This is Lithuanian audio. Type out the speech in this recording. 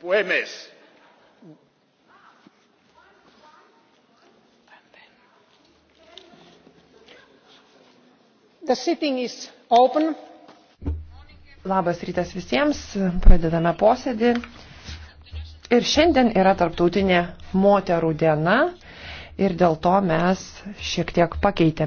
puhemies labas rytas visiems pradedame posėdį ir šiandien yra tarptautinė moterų diena ir dėl to mes šiek tiek pakeitėme